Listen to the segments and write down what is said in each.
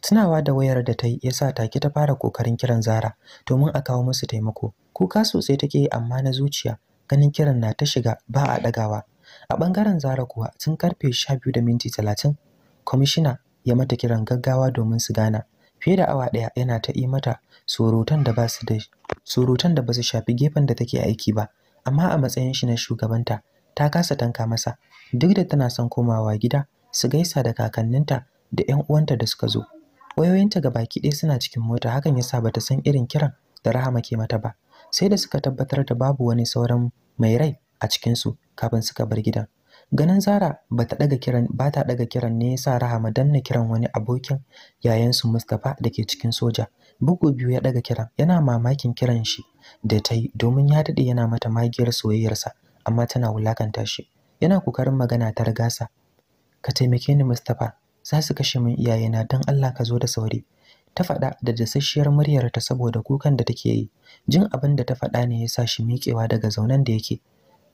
Tunawa da wayar da ta yi ya sa take ta fara kokarin kiran Zara domin a kawo musu taimako. Kuka sosai take yi amma na zuciya ganin kiran na ta shiga ba a ɗagawa. A ɓangaren Zara kuwa tun karfe sha biyu da minti talatin kwamishina ya mata kiran gaggawa domin su gana. Fiye da awa ɗaya yana ta yi mata surutan da ba da surutan da ba shafi gefen da take aiki ba amma a matsayin shi na shugabanta ta kasa tanka masa duk da tana son komawa gida su gaisa da kakanninta da 'yan uwanta da suka zo. wayoyinta baki ɗaya suna cikin mota hakan yasa bata san irin kiran da Rahama ke mata ba sai da suka tabbatar da babu wani sauran mai rai a cikin su kafin suka bar gidan ganin Zara bata daga kiran bata daga kiran ne yasa Rahama danna kiran wani abokin yayan su Mustafa ke cikin soja bugu biyu ya daga kiran yana mamakin kiran shi da ta yi domin ya daɗe yana mata magiyar soyayyarsa amma tana wulakanta shi yana kokarin magana ta ragasa ka taimake ni Mustapha. za su kashe min iyayena don Allah ka zo da sauri ta faɗa da dasasshiyar muryarta saboda kukan da take yi jin abin da ta faɗa ne ya sa shi miƙewa daga zaunen da yake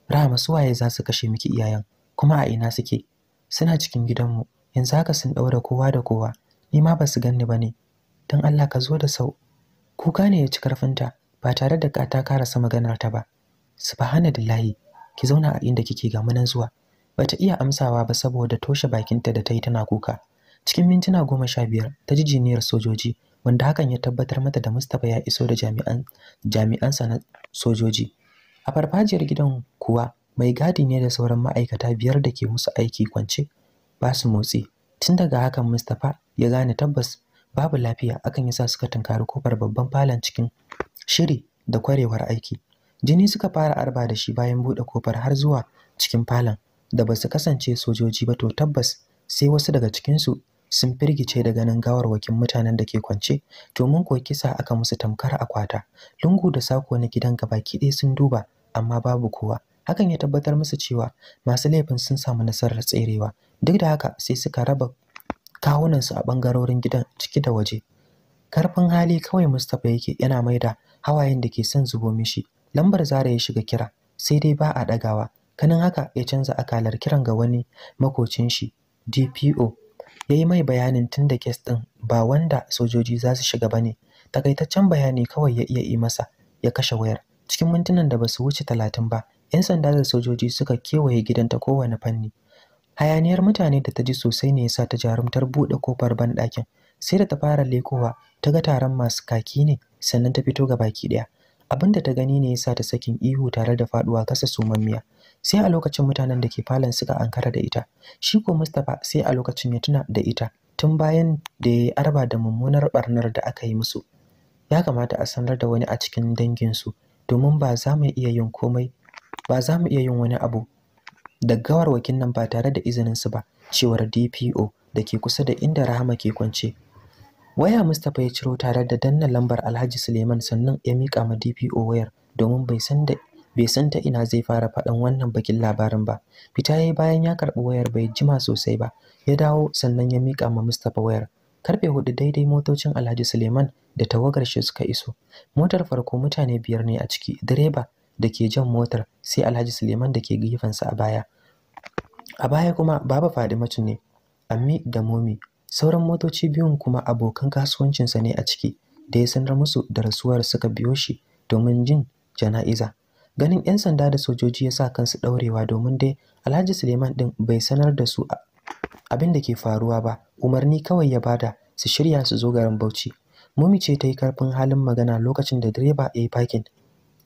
rahama su waye za su kashe miki iyayen kuma a ina suke suna cikin gidanmu yanzu haka sun ɗaura kowa da kowa ni ma ba su ganni ba ne don Allah ka zo da sau kuka ne ya ci karfinta ba tare da ta karasa maganar ta ba subhanallahi ki zauna a inda kike ga munan zuwa Bata iya amsawa ba saboda toshe bakinta da ta yi tana kuka. Cikin mintuna goma sha biyar ta ji jiniyar sojoji wanda hakan ya tabbatar mata da Mustapha ya iso da jami'an jami'ansa na sojoji. A farfajiyar gidan kuwa mai gadi ne da sauran ma'aikata biyar da ke musu aiki kwance ba su motsi. Tun daga hakan Mustapha ya gane tabbas babu lafiya akan yasa suka tunkari kofar babban falon cikin shiri da kwarewar aiki. Jini suka fara arba da shi bayan buɗe kofar har zuwa cikin falon da ba su kasance sojoji ba to tabbas sai wasu daga cikinsu sun firgice da ganin gawarwakin mutanen da ke kwance domin ko kisa aka musu tamkar akwata lungu da sako na gidan gaba ɗaya sun duba amma babu kowa hakan ya tabbatar musu cewa masu laifin sun samu nasarar tserewa duk da haka sai suka raba kawunansu a ɓangarorin gidan ciki da waje karfin hali kawai mustapha yake yana maida hawayen da ke son zubo mishi lambar zara ya shiga kira sai dai ba a ɗagawa Kanin haka ya canza akalar kiran ga wani makocin shi DPO ya yi mai bayanin tunda da kes ɗin ba wanda sojoji za su shiga ba ne takaitaccen bayani kawai ya iya yi masa ya kashe wayar cikin mintunan da basu wuce talatin ba 'yan sanda da sojoji suka kewaye gidanta ta kowane fanni hayaniyar mutane da ta ji sosai ne yasa ta jarumtar buɗe kofar banɗakin sai da ta fara lekowa ta ga taron masu kaki ne sannan ta fito ga baki ɗaya abin da ta gani ne yasa ta sakin ihu tare da faduwa kasa sumammiya sai a lokacin mutanen da ke falon suka ankara da ita shi ko Mustapha sai a lokacin ya tuna da ita tun bayan da ya arba da mummunar barnar da aka yi musu ya kamata a sanar da wani a cikin danginsu domin ba za mu iya yin komai ba za mu iya yin wani abu da gawarwakin nan ba tare da izinin su ba cewar DPO da ke kusa da inda Rahama ke kwance waya mustapha ya ciro tare da danna lambar alhaji suleiman sannan ya miƙa ma dpo wayar domin bai san da bai san ta ina zai fara faɗan wannan bakin labarin ba fita yayi bayan ya karɓi wayar bai jima sosai ba ya dawo sannan ya miƙa ma mustapha wayar karfe hudu daidai motocin alhaji suleiman da tawagar shi suka iso motar farko mutane biyar ne a ciki direba da ke jan motar sai alhaji suleiman da ke gefensa a baya a baya kuma baba fadimatu ne ammi da momi sauran motoci biyun kuma abokan kasuwancinsa ne a ciki da ya sanar musu da rasuwar suka biyo shi domin jin jana'iza ganin 'yan sanda da sojoji ya sa kansu ɗaurewa domin dai alhaji suleiman ɗin bai sanar da su abin da ke faruwa ba umarni kawai ya bada su shirya su zo garin bauchi mumi ce ta yi karfin halin magana lokacin da direba ya yi fakin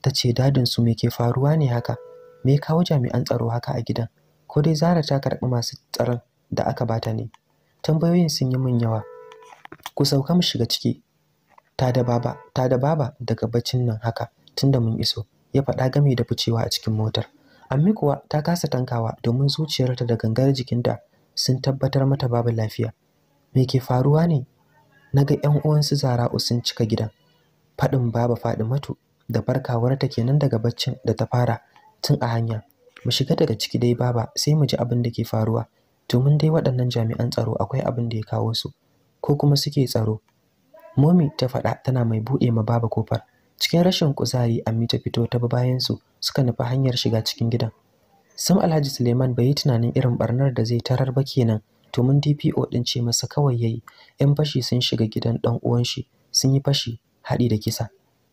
ta ce dadin su me ke faruwa ne haka me kawo jami'an tsaro haka a gidan ko dai zara ta karɓi masu tsaron da aka bata ne tambayoyin sun yi min yawa ku sauka mu shiga ciki ta da baba daga baccin nan haka tunda mun iso ya faɗa game da ficewa a cikin motar ammi kuwa ta kasa tankawa domin zuciyarta da gangar jikinta sun tabbatar mata babu lafiya me ke faruwa ne na ga 'yan uwansu zara'u sun cika gidan faɗin baba faɗi matu da barkawarta kenan daga baccin da ta fara tun a hanya mu shiga daga ciki dai baba sai mu ji abin da ke faruwa domin dai waɗannan jami'an tsaro akwai abin da ya kawo su ko kuma suke tsaro momi ta faɗa tana mai buɗe ma baba kofar cikin rashin kuzari ammi ta fito ta bayansu bayan su suka nufi hanyar shiga cikin gidan sam alhaji suleiman bai yi tunanin irin barnar da zai tarar ba kenan domin dpo ɗin ce masa kawai yayi yan fashi sun shiga gidan ɗan uwan shi sun yi fashi haɗi da kisa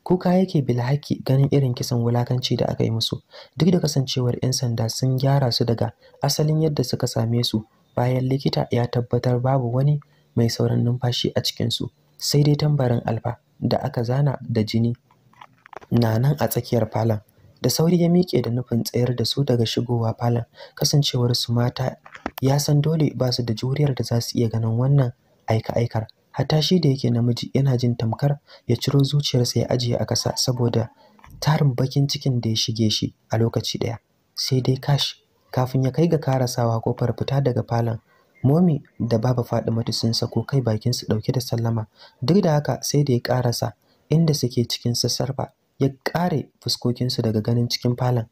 kuka yake bilhaki ganin irin kisan wulakanci da aka yi musu duk da kasancewar 'yan sanda sun gyara su daga asalin yadda suka same su bayan likita ya tabbatar babu wani mai sauran numfashi a cikinsu sai dai tambarin alfa da aka zana da jini na nan a tsakiyar falon da sauri ya miƙe da nufin tsayar da su daga shigowa falon kasancewar su mata ya san dole ba su da juriyar da za su iya ganin wannan aika-aikar hatta shi da yake namiji yana jin tamkar ya ciro zuciyarsa ya ajiye a ƙasa saboda tarin bakin cikin da ya shige shi a lokaci ɗaya sai dai kash kafin ya kai ga karasawa kofar fita daga falon momi da baba fadimatu sun sako kai bakin su ɗauke da sallama duk da haka sai da ya karasa inda suke cikin sassarfa ya ƙare fuskokinsu daga ganin cikin falon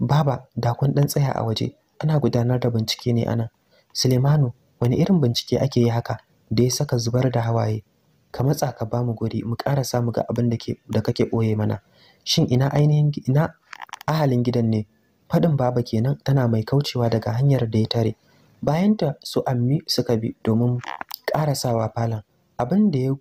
baba da kun ɗan tsaya a waje ana gudanar da bincike ne anan Sulemanu wani irin bincike ake yi haka da ya saka zubar da hawaye ka matsa ka bamu guri mu ƙara samu ga abin da kake ɓoye mana shin ina ainihin ina ahalin gidan ne Faɗin baba kenan tana mai kaucewa daga hanyar da ya tare bayanta su ammi suka bi domin ƙarasawa falon abin da ya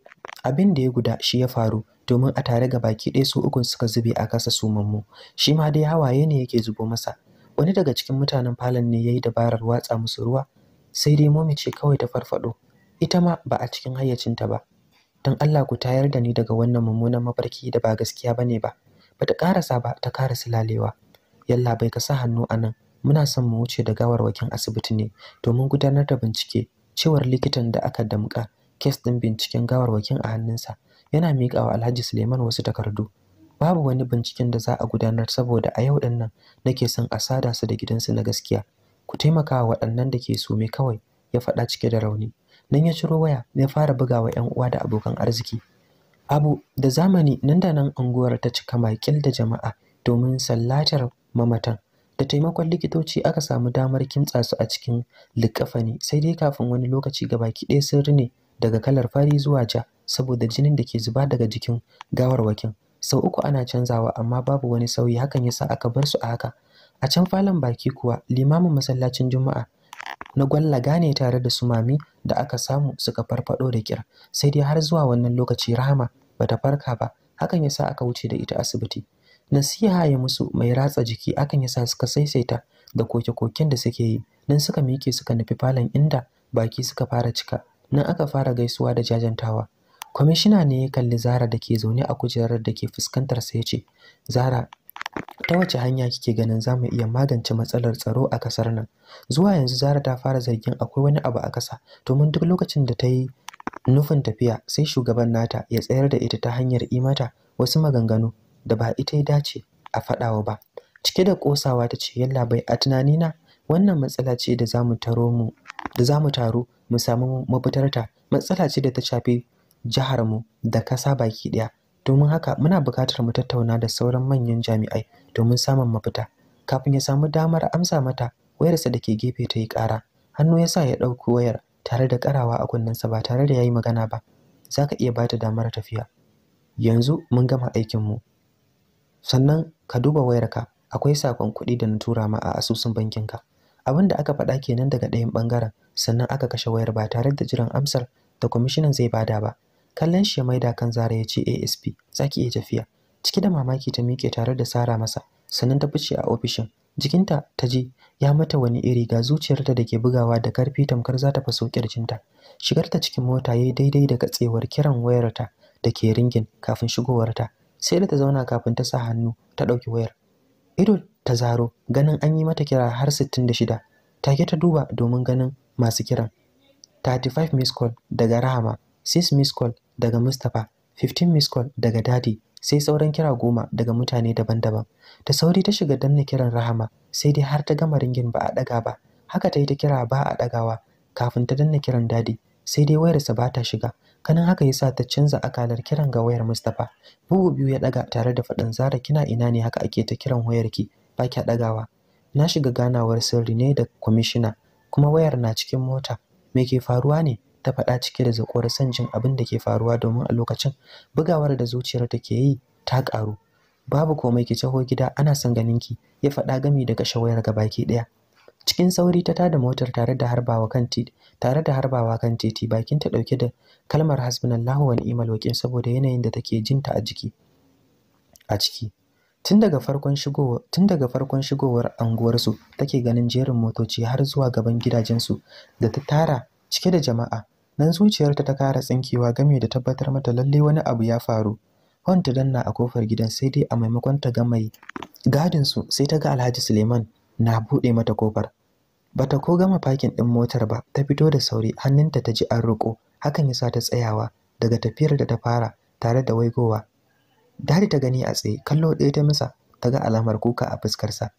ya guda shi ya faru domin a tare ga baki ɗaya su ukun suka zube a kasa sumanmu. shi ma dai hawaye ne yake zubo masa wani daga cikin mutanen falon ne ya yi dabarar watsa musu ruwa sai dai momi ce kawai ta farfaɗo. ita ma ba a cikin hayyacinta ba don Allah ku tayar da ni daga wannan mummunan mafarki da ba gaskiya ba ne ba bata karasa ba ta kara lalewa. yalla bai ka sa hannu anan muna son mu wuce da gawarwakin asibiti ne domin gudanar da bincike cewar likitan da aka damƙa kes ɗin binciken gawarwakin a hannunsa yana miƙa wa Alhaji Suleiman wasu takardu babu wani binciken da za a gudanar saboda a yau ɗin nan nake son a sada su da gidansu na gaskiya ku taimaka wa waɗannan da ke sume kawai ya faɗa cike da rauni nan ya ciro waya ya fara buga wa yan uwa da abokan arziki abu da zamani nan da nan unguwar ta cika makil da jama'a domin sallatar mamatan da taimakon likitoci aka samu damar kimtsa su a cikin likafani sai dai kafin wani lokaci gabaki ɗaya sun rine daga kalar fari zuwa ja saboda jinin da ke zuba daga jikin gawarwakin sau uku ana canzawa amma babu wani sauyi hakan ya sa aka bar su a haka a can falon baki kuwa limamin masallacin juma'a na gwalla ne tare da sumami. da aka samu suka farfado da kira sai dai har zuwa wannan lokaci rahama bata farka ba hakan yasa aka wuce da ita asibiti nasiha ya musu mai ratsa jiki akan yasa suka saisaita da koke-koken da suke yi nan suka miƙe suka nufi falon inda baki suka fara cika nan aka fara gaisuwa da jajantawa kwamishina ne ya kalli zara da ke zaune a kujerar da ke fuskantar sa ya ce zara ta wace hanya kike ganin za mu iya magance matsalar tsaro a kasar nan zuwa yanzu zara ta fara zargin akwai wani abu a kasa domin duk lokacin da ta yi nufin tafiya sai shugaban nata ya tsayar da ita ta hanyar imata wasu maganganu da ba ita ya dace a faɗawa ba cike da ƙosawa ta ce yalla bai a tunanina wannan matsala ce da zamu taro mu da zamu taro mu samu mafitarta matsala ce da ta shafi jihar mu da kasa baki ɗaya. domin haka muna buƙatar mu tattauna da sauran manyan jami'ai domin samun mafita kafin ya samu damar amsa mata wayarsa da ke gefe ta yi ƙara hannu ya sa ya ɗauki wayar tare da ƙarawa a kunnensa ba tare da ya yi magana ba za ka iya ba ta damar tafiya yanzu mun gama aikinmu sannan ka duba wayarka akwai sakon kuɗi da na tura ma a asusun bankinka abin da aka faɗa kenan daga ɗayan ɓangaren sannan aka kashe wayar ba tare da jiran amsar da kwamishinan zai bada ba kallon shi ya maida kan Zara ya ce ASP zaki iya tafiya Ciki da mamaki ta miƙe tare da Sara masa sannan ta fice a ofishin jikinta ta ji ya mata wani iri ga zuciyarta da ke bugawa da karfi tamkar za ta faso kirjinta ta cikin mota yayi daidai da katsewar kiran wayarta da ke ringin kafin shigowarta sai da ta zauna kafin ta sa hannu ta ɗauki wayar ido ta zaro ganin an yi mata kira har 66 take ta duba domin ganin masu kiran 35 miss call daga rahama 6 miss call daga Mustapha, 15 miss call daga Dadi, sai sauran kira goma daga mutane daban-daban. Da sauri ta shiga danna kiran Rahama, sai dai har ta gama ringin ba a ɗaga ba. Haka ta yi ta kira ba a ɗagawa kafin ta danna kiran Dadi, sai dai wayarsa ba ta shiga. Kanan haka yasa ta canza akalar kiran ga wayar Mustapha. Bugu biyu ya ɗaga tare da faɗin Zara kina ina ne haka ake ta kiran wayarki ba ki ɗagawa. Na shiga ganawar sirri ne da kwamishina kuma wayar na cikin mota. Me ke faruwa ne? ta faɗa cike da zakuwar son jin abin da ke faruwa domin a lokacin bugawar da zuciyar ta ke yi ta ƙaru babu komai ki taho gida ana son ganin ki ya faɗa gami da shawayar ga baki ɗaya cikin sauri ta tada motar tare da harbawa kan titi tare da harbawa kan titi bakin ta ɗauke da kalmar hasbunallahu wa ni'mal wakil saboda yanayin da take jin ta a jiki a ciki tun daga farkon shigowar tun daga farkon shigowar anguwar su take ganin jerin motoci har zuwa gaban gidajen su da ta tara cike da jama'a nan zuciyarta ta kara tsinkewa game da tabbatar mata lalle wani abu ya faru hon ta danna a kofar gidan sai dai a maimakon ta ga mai gadin su sai ta ga Alhaji Suleiman na bude mata kofar bata ko gama fakin din motar ba ta fito da sauri hannunta ta ji an riko hakan yasa ta tsayawa daga tafiyar da ta fara tare da waigowa dadi ta gani a tsaye kallo ɗaya ta misa ta ga alamar kuka a fuskarsa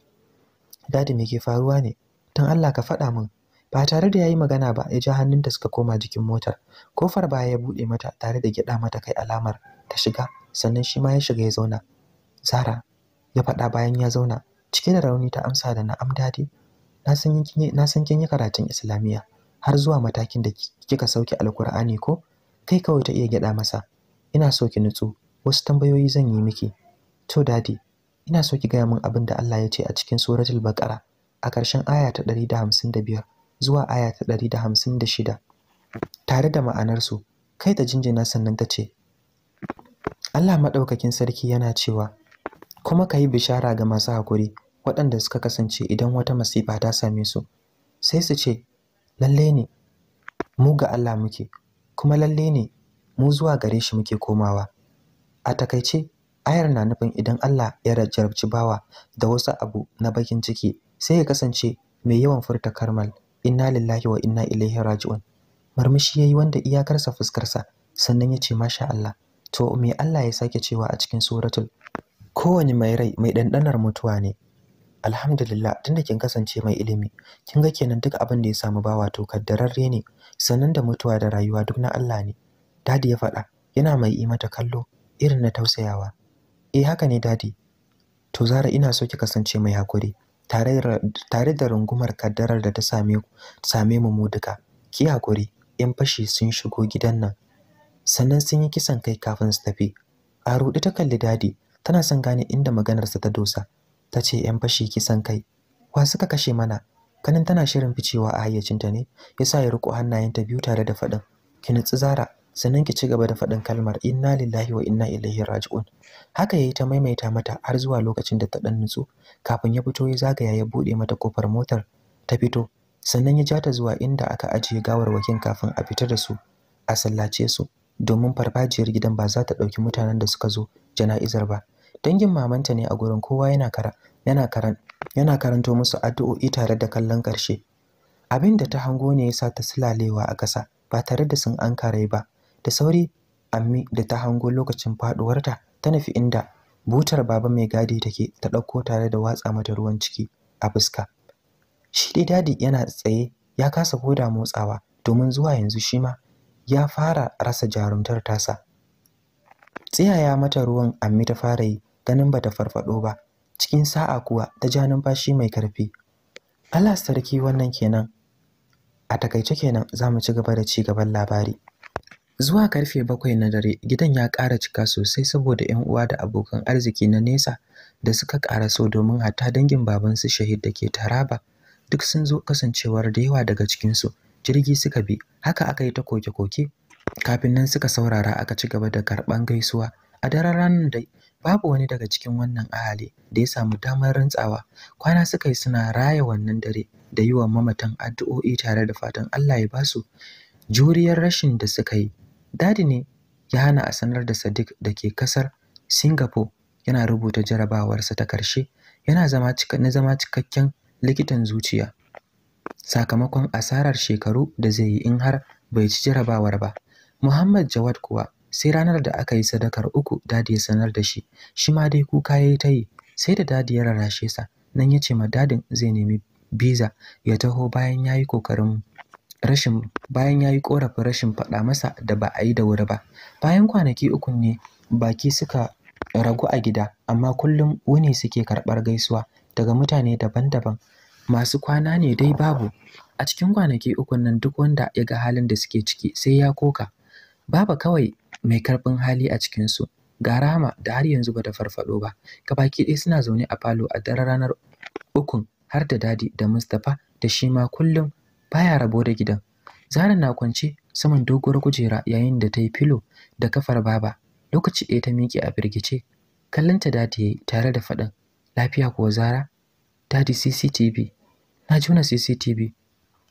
dadi me ke faruwa ne tun Allah ka faɗa min ba tare da ya yi magana ba ya ja da suka koma jikin motar kofar baya ya buɗe mata tare da gyaɗa mata kai alamar ta shiga sannan shi ma ya shiga ya zauna zara ya faɗa bayan ya zauna cike da rauni ta amsa da na'am dadi na san kin yi karatun islamiyya har zuwa matakin da kika sauke alkur'ani ko kai kawai ta iya gyaɗa masa ina so ki nutsu wasu tambayoyi zan yi miki to dadi ina so ki gaya min abin da Allah ya ce a cikin suratul baqara a ƙarshen aya ta ɗari da da hamsin biyar. zuwa aya ta ɗari da hamsin da shida tare da ma'anarsu kai ta jinjina sannan ta ce Allah maɗaukakin sarki yana cewa kuma ka yi bishara ga masu haƙuri waɗanda suka kasance idan wata masifa ta same su sai su ce lalle ne mu ga Allah muke kuma lalle ne mu zuwa gare shi muke komawa a takaice ayar na nufin idan Allah ya jarabci bawa da wasu abu na bakin ciki sai ya kasance mai yawan furta karmal inna lillahi wa inna ilaihi raji'un murmushi yayi wanda iyakarsa fuskarsa sannan yace masha Allah to me Allah ya sake cewa a cikin suratul kowane mai rai mai dandanar mutuwa ne alhamdulillah tunda kin kasance mai ilimi kin ga kenan duk abin da ya samu bawa to kaddararre ne sannan da mutuwa da rayuwa duk na Allah ne dadi ya faɗa yana mai yi mata kallo irin na tausayawa eh haka ne dadi to zara ina so ki kasance mai hakuri tare da rungumar kaddarar da ta same mu mu duka ki hakuri yan fashi sun shigo gidan nan sannan sun yi kisan kai kafin su tafi a rudi ta kalli dadi tana son gane inda maganarsa ta dosa ta ce yan fashi kisan kai wa suka kashe mana kanin tana shirin ficewa a hayyacinta ne yasa ya riko hannayenta biyu tare da faɗin ki nutsi zara sannan ki ci gaba da faɗin kalmar inna lillahi wa inna ilaihi raji'un haka yayi ta maimaita mata har zuwa lokacin da ta dan nutsu kafin ya fito ya zagaya ya bude mata kofar motar ta fito sannan ya ja ta zuwa inda aka ajiye gawarwakin kafin a fita da su a sallace su domin farfajiyar gidan ba za ta ɗauki mutanen da suka zo jana'izar ba dangin mamanta ne a gurin kowa yana kara yana karan yana karanto musu addu'o'i tare da kallon karshe abin da ta hango ne ya sa ta silalewa a ƙasa ba tare da sun ankare ba da sauri ammi da ta hango lokacin faduwarta ta nufi inda butar baba mai gadi take ta ɗauko tare da watsa mata ruwan ciki a fuska shi dai dadi yana tsaye ya kasa koda motsawa domin zuwa yanzu shi ma ya fara rasa jarumtar tasa tsiyaya mata ruwan ammi ta fara yi ganin bata farfado ba cikin sa'a kuwa ta ja numfashi mai karfi Allah sarki wannan kenan a takaice kenan za mu ci gaba da ci gaban labari Zuwa karfe bakwai na dare gidan ya ƙara cika sosai saboda 'yan uwa da abokan arziki na nesa da suka ƙaraso domin hata dangin babansu Shahid da ke Taraba duk sun zo kasancewar da yawa daga cikinsu jirgi suka bi haka aka yi ta koke-koke kafin nan suka saurara aka ci gaba da karɓan gaisuwa a daren ranar dai babu wani daga cikin wannan ahali da ya samu damar rantsawa kwana suka yi suna raya wannan dare da yi wa mamatan addu'o'i tare da fatan Allah ya basu juriyar rashin da suka yi dadi ne ya hana a sanar da Sadiq da ke kasar Singapore yana rubuta jarabawarsa ta ƙarshe, yana zama cika na zama cikakken likitan zuciya sakamakon asarar shekaru da zai yi in har bai ci jarabawar ba Muhammad Jawad kuwa sai ranar da aka yi sadakar uku dadi ya sanar da shi shi ma dai kuka yayi ta yi sai da dadi ya rarrashe sa nan ya ce ma dadin zai nemi biza ya taho bayan ya yi kokarin rashin bayan ya yi ƙorafin rashin faɗa masa da ba a yi da wuri ba bayan kwanaki uku ne baki suka ragu a gida amma kullum wuni suke karɓar gaisuwa daga mutane daban-daban masu kwana ne dai babu a cikin kwanaki ukun nan duk wanda ya ga halin da suke ciki sai ya koka Baba kawai mai karfin hali a cikinsu ga rama da har yanzu bata farfado ba baki ɗaya suna zaune a falo a daren ranar ukun har da dadi da mustapha da shi ma kullum baya rabo da gidan zara na kwance saman doguwar kujera yayin da ta yi filo da kafar baba lokaci ɗaya ta miƙe a firgice kallonta dadi yi tare da faɗin lafiya kuwa zara dadi cctv na jona cctv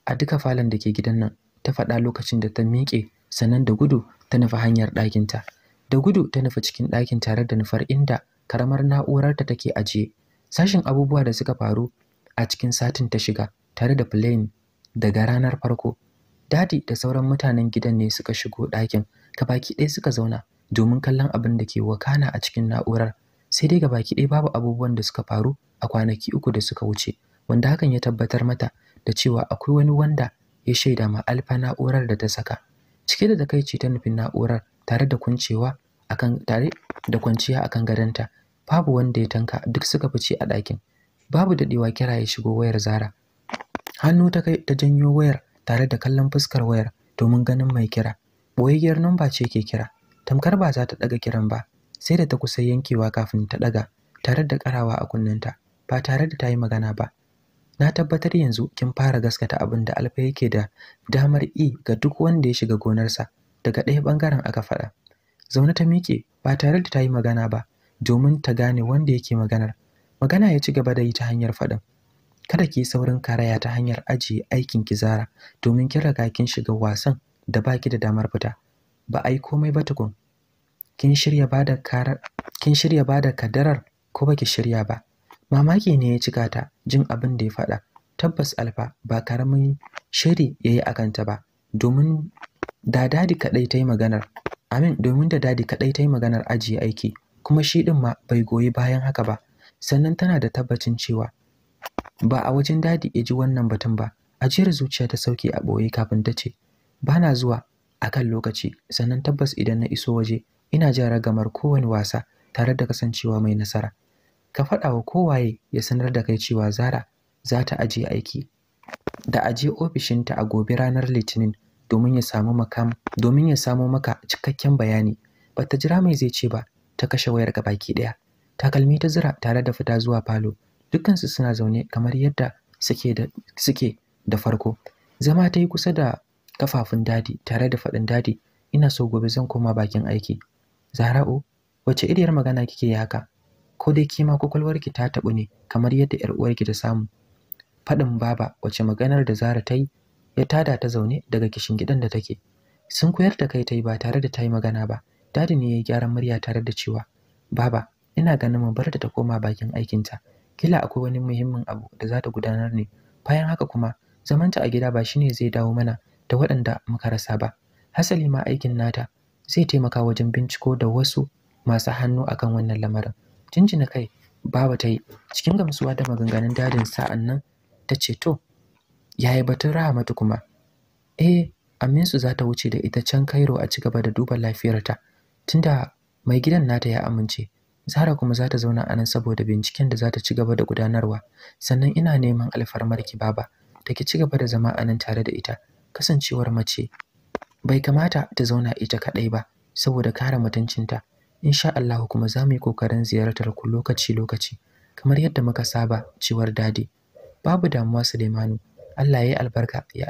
a duka falon da ke gidan nan ta faɗa lokacin da ta miƙe sannan da gudu ta nufi hanyar ɗakinta da gudu ta nufi cikin ɗakin tare da nufar inda karamar na'urar ta take ajiye sashin abubuwa da suka faru a cikin satin ta shiga tare da plane daga ranar farko dadi da sauran mutanen gidan ne suka shigo ɗakin Ka baki ɗaya suka zauna domin kallon abin da ke wakana a cikin na'urar sai dai ga baki ɗaya babu abubuwan da suka faru a kwanaki uku da suka wuce wanda hakan ya tabbatar mata da cewa akwai wani wanda ya shaida ma alfa na'urar da ta saka cike da takaici ta nufin na'urar tare da kuncewa akan tare da kwanciya akan gadonta babu wanda ya tanka duk suka fice a ɗakin babu daɗewa kira ya shigo wayar zara hannu ta kai ta janyo wayar tare da kallon fuskar wayar domin ganin mai kira boyayyar namba ce ke kira tamkar ba za ta daga kiran ba sai da ta kusa yankewa kafin ta daga tare da karawa a kunnenta ba tare da ta yi magana ba na tabbatar yanzu kin fara gaskata abin da alfa yake da damar i ga duk wanda ya shiga gonarsa daga ɗaya bangaren aka faɗa zaune ta miƙe ba tare da ta yi magana ba domin ta gane wanda yake maganar magana ya ci gaba da yi ta hanyar faɗin kada ki yi saurin karaya ta hanyar ajiye aikin ki zara domin kin riga kin shiga wasan da baki da damar fita ba ai komai ba tukun kin shirya bada karar kin shirya bada kadarar ko baki shirya ba mamaki ne ya cika ta jin abin da ya faɗa tabbas alfa ba karamin shiri yayi akan ta ba domin da dadi kadai ta yi maganar amin domin da dadi kadai tai maganar ajiye aiki kuma shi din ma bai goyi bayan haka ba sannan tana da tabbacin cewa ba a wajen dadi ya ji wannan batun ba ajiyar zuciya ta sauke a ɓoye kafin ta ce ba na zuwa a kan lokaci sannan tabbas idan na iso waje ina jan ragamar kowane wasa tare da kasancewa mai nasara ka faɗa wa kowaye ya sanar da kai cewa zara za ta aje aiki da aje ofishinta a gobe ranar litinin domin ya samu makam domin ya samu maka cikakken bayani ba ta jira mai zai ce ba ta kashe wayar baki ɗaya takalmi ta zira tare da fita zuwa falo dukkansu suna zaune kamar yadda suke da farko zama ta yi kusa da kafafun dadi tare da faɗin dadi ina so gobe zan koma bakin aiki zara'u wace iriyar magana kike yi haka ko dai kima kwakwalwarki ta taɓu ne kamar yadda yar uwarki ta samu faɗin baba wace maganar da zara ta yi ya tada ta zaune daga kishin gidan da take sun koyar da kai ta yi ba tare da ta yi magana ba dadi ne ya yi gyaran murya tare da cewa baba ina ganin mu bar da ta koma bakin aikinta kila akwai wani muhimmin abu da za ta gudanar ne bayan haka kuma zamanta a gida ba shine zai dawo mana da waɗanda muka rasa ba hasali ma aikin nata zai taimaka wajen binciko da wasu masu hannu akan wannan lamarin jinjina kai baba ta yi cikin gamsuwa da maganganun dadin sa'an nan ta ce to yaya batun rahamatu kuma eh aminsu za ta wuce da ita can kairo a ci gaba da duba lafiyarta tunda mai gidan nata ya amince Zara kuma za ta zauna a nan saboda binciken da za ta ci gaba da gudanarwa. Sannan ina neman alfarmar ki baba, da ki ci gaba da zama a nan tare da ita. Kasancewar mace bai kamata ta zauna ita kaɗai ba saboda kare mutuncinta. Insha Allah kuma za mu yi kokarin ziyartar ku lokaci-lokaci kamar yadda muka saba cewar dadi. Babu damuwa Suleimanu. Allah ya yi albarka ya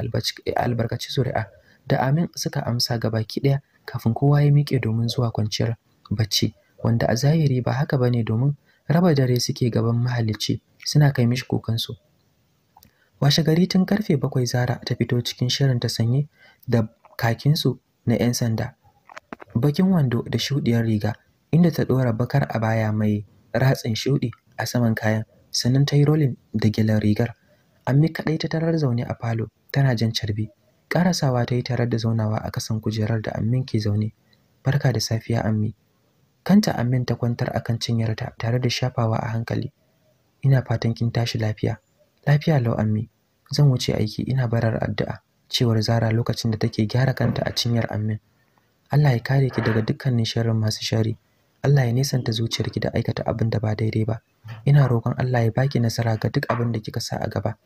albarkaci zuri'a. Da amin suka amsa gabaki ɗaya kafin kowa ya miƙe domin zuwa kwanciyar bacci. wanda a zahiri ba haka ba ne domin raba dare suke gaban mahalicci suna kai mishi kokansu washe gari tun karfe bakwai zara ta fito cikin shirin ta sanye da kakinsu na 'yan sanda bakin wando da shuɗiyar riga inda ta ɗora bakar a baya mai ratsin shuɗi a saman kayan sannan ta yi rolin da gilan rigar ammi kaɗai ta tarar zaune a falo tana jan carbi ƙarasawa ta yi tarar da zaunawa a kasan kujerar da ammin ke zaune barka da safiya ammi Kanta Amin ta kwantar akan cinyarta tare da shafawa a hankali. Ina fatan kin tashi lafiya. Lafiya lau Ammi. Zan wuce aiki ina barar addu'a cewar Zara lokacin da take gyara kanta a cinyar Amin. Allah ya kare ki daga dukkanin sharrin masu shari. Allah ya nesanta zuciyarki da aikata abin da ba daidai ba. Ina roƙon Allah ya baki nasara ga duk abin da kika sa a gaba.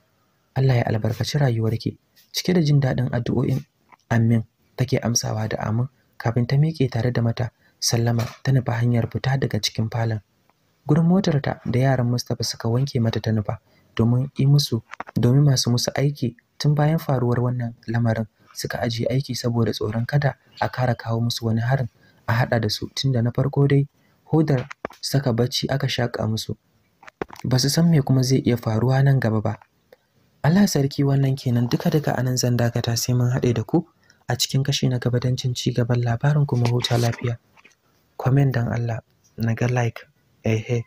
Allah ya albarkaci rayuwarki. Cike da jin daɗin addu'o'in Amin take amsawa da amin kafin ta miƙe tare da mata sallama ta nufa hanyar fita daga cikin falon gurin motarta da yaran Mustapha suka wanke mata ta nufa domin yi musu domin masu musu aiki tun bayan faruwar wannan lamarin suka ajiye aiki saboda tsoron kada a kara kawo musu wani harin a haɗa da su tunda na farko dai hodar saka bacci aka shaka musu ba su san me kuma zai iya faruwa nan gaba ba Allah sarki wannan kenan duka duka anan zan dakata sai mun haɗe da ku a cikin kashi na gaba don ci gaban labarin kuma huta lafiya comment dan Allah na ga like ehe